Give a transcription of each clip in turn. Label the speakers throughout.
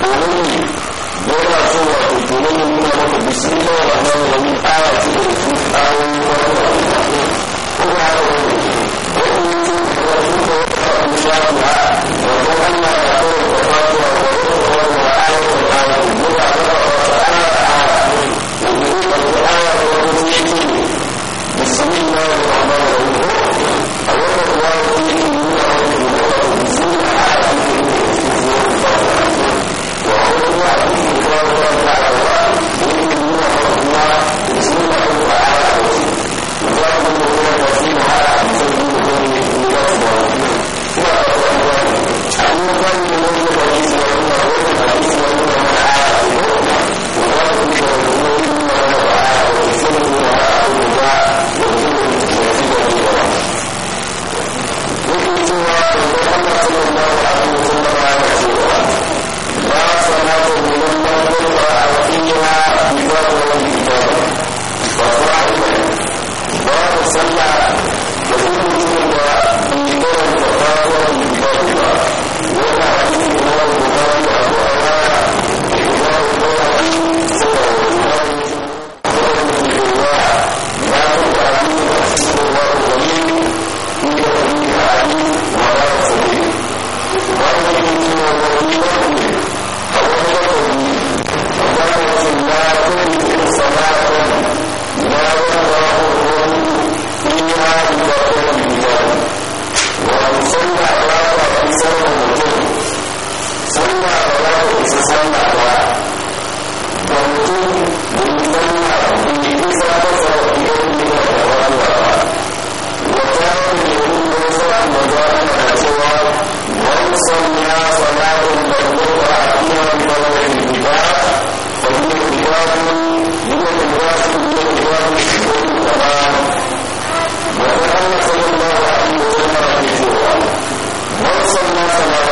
Speaker 1: domin yana cewa kokonin nuna maka bismillah rahman rahim aya ce da su ayoyi wani wani kuma ya rabu da kuma ya rabu da wata kuma ya rabu da wata hanya ya rabu sallah ba ba ku sallah mutum sallah ba ba ku isa sallah ba ba mutum da yi sallah ba ba ba Thank you.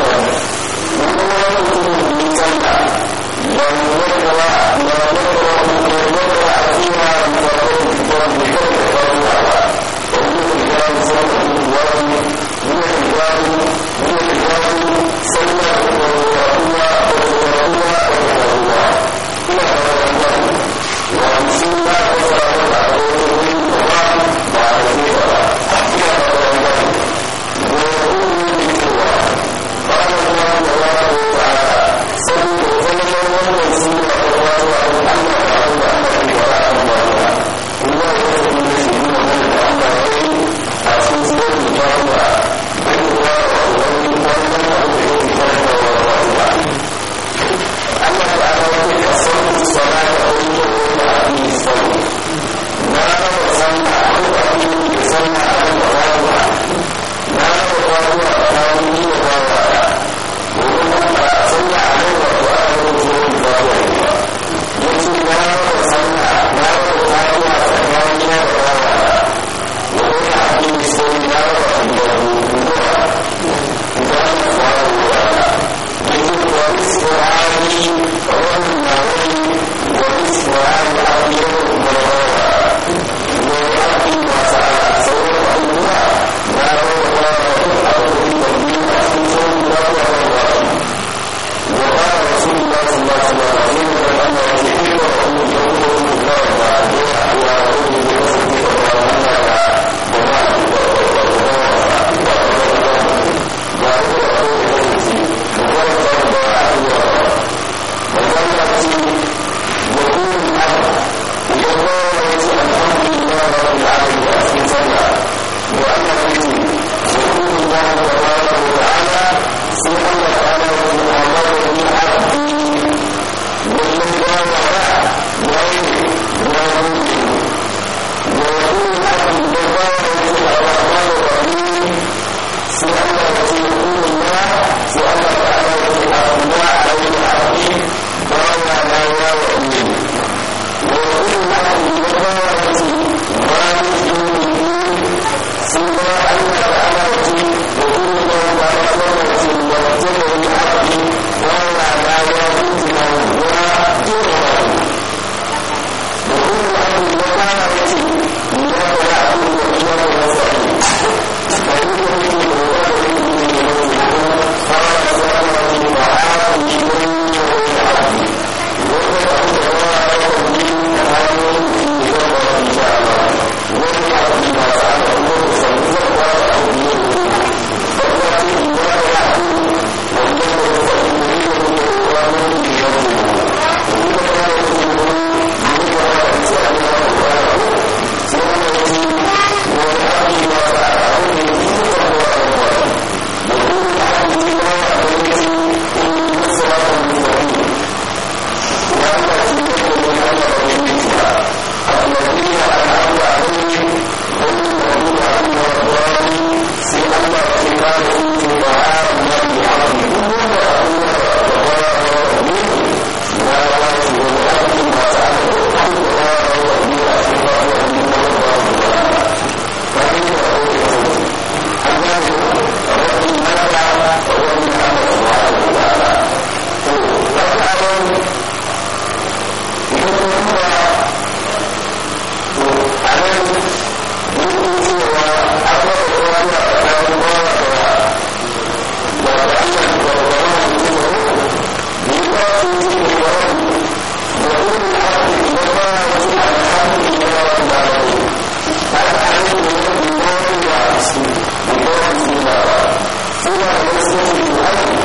Speaker 1: Thank you.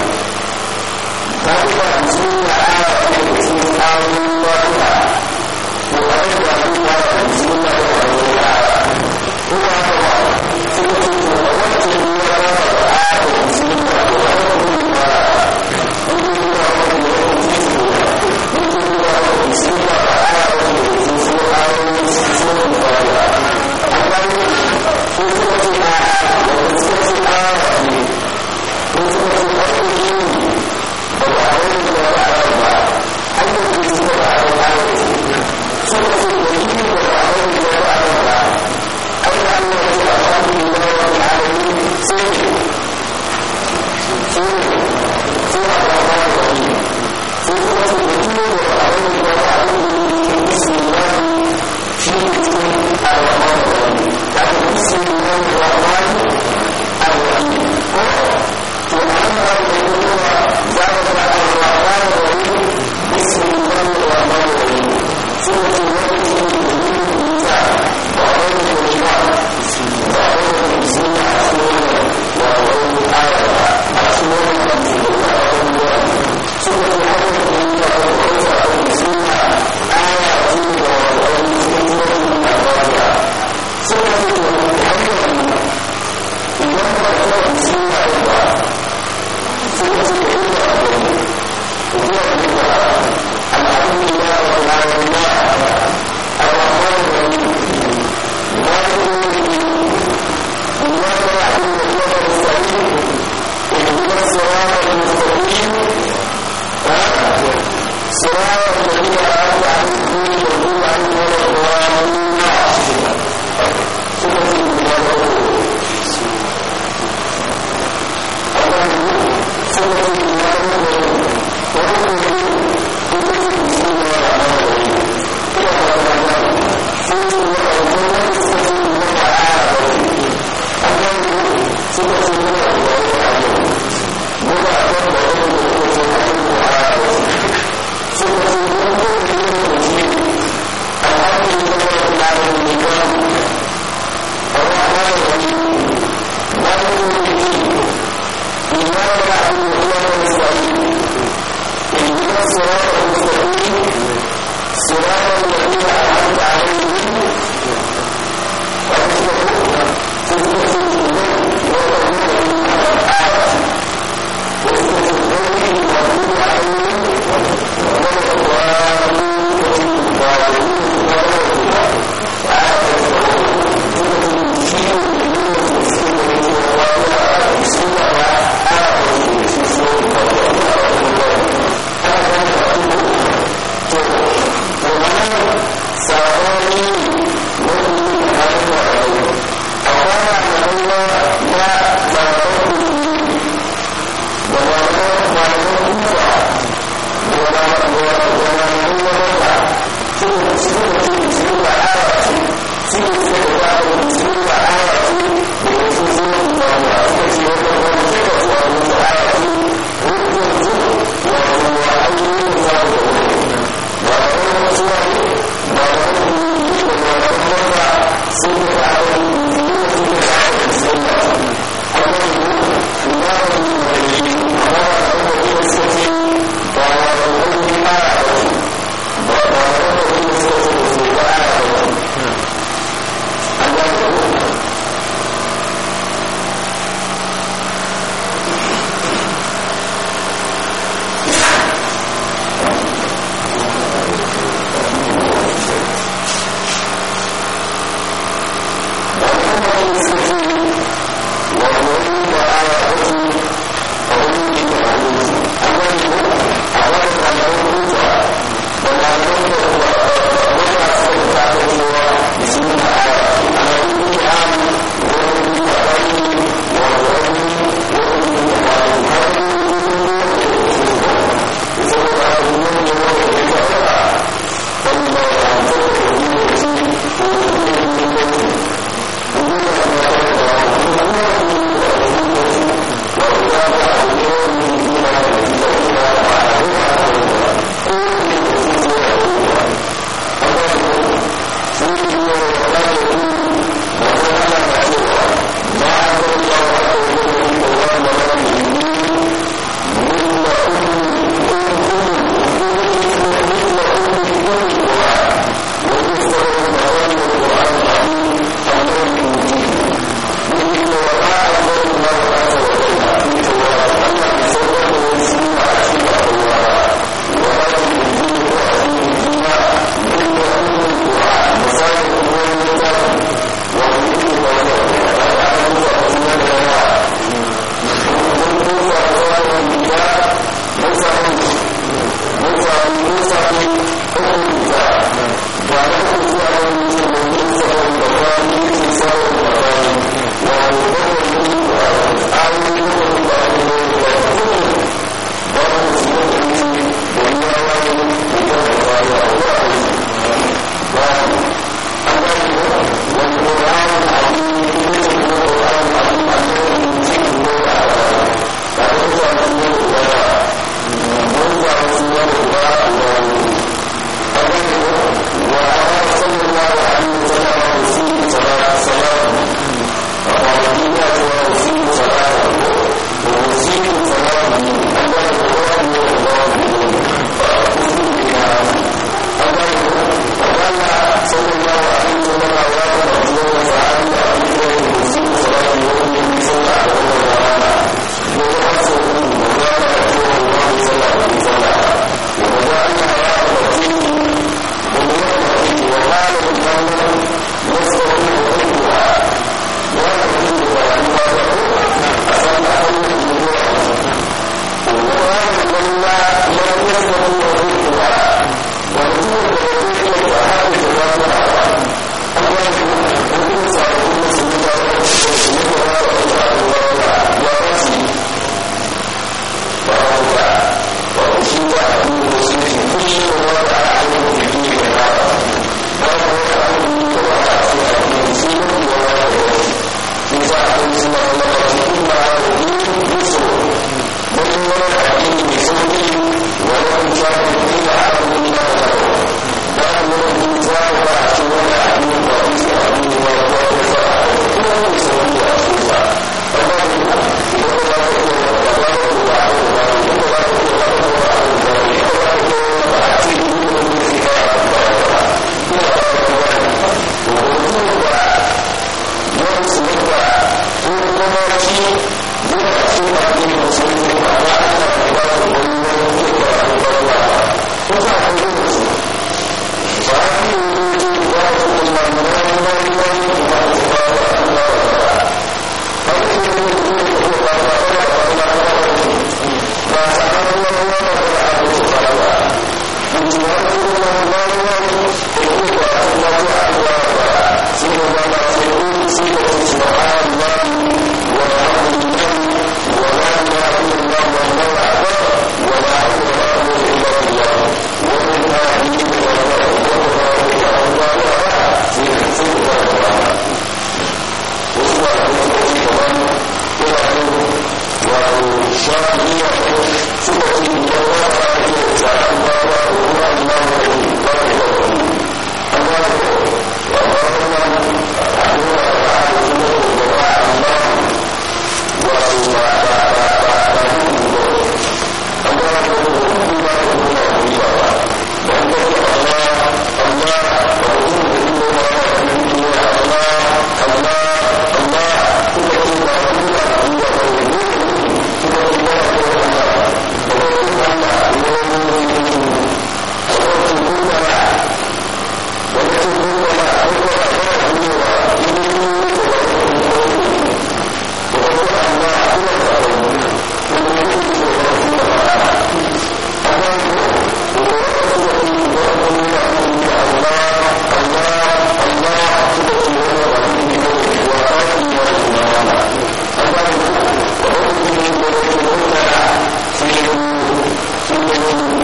Speaker 1: Thank you.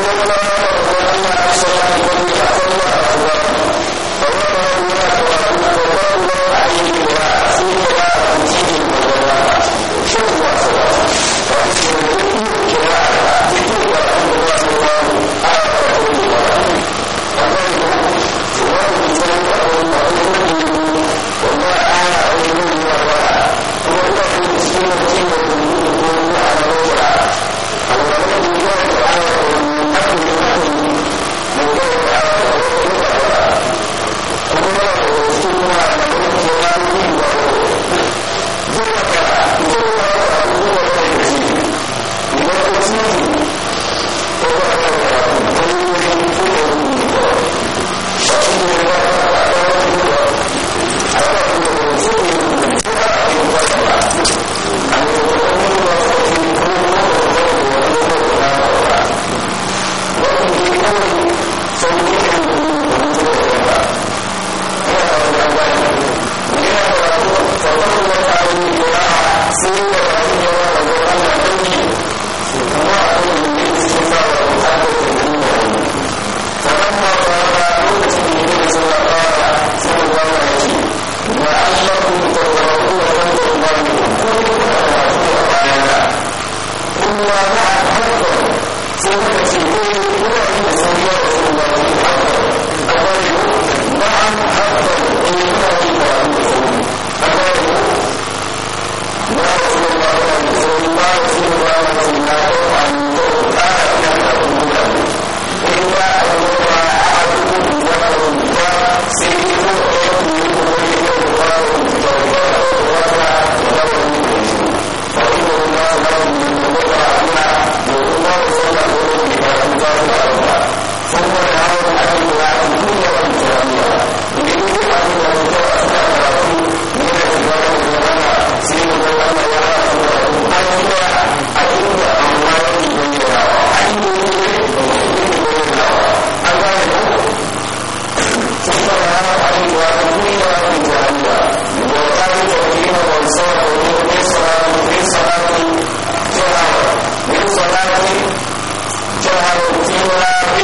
Speaker 1: أنه لا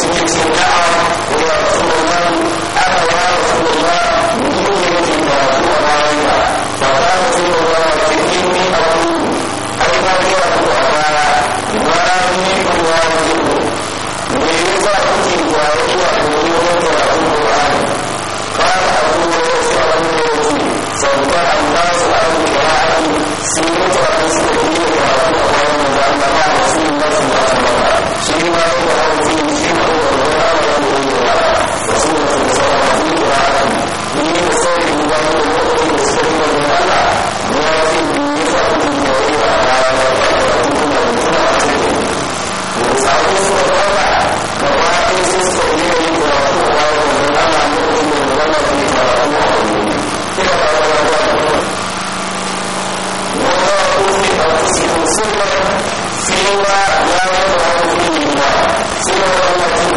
Speaker 1: to get to the Thank you.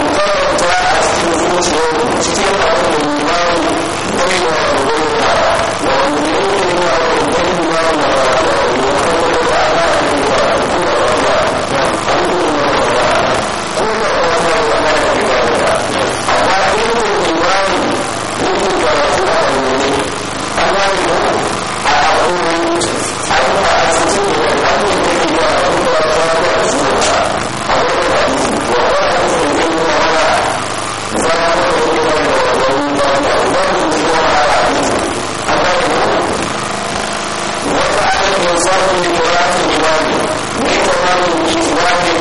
Speaker 1: الله في مراد الإمام وإمام الإسلام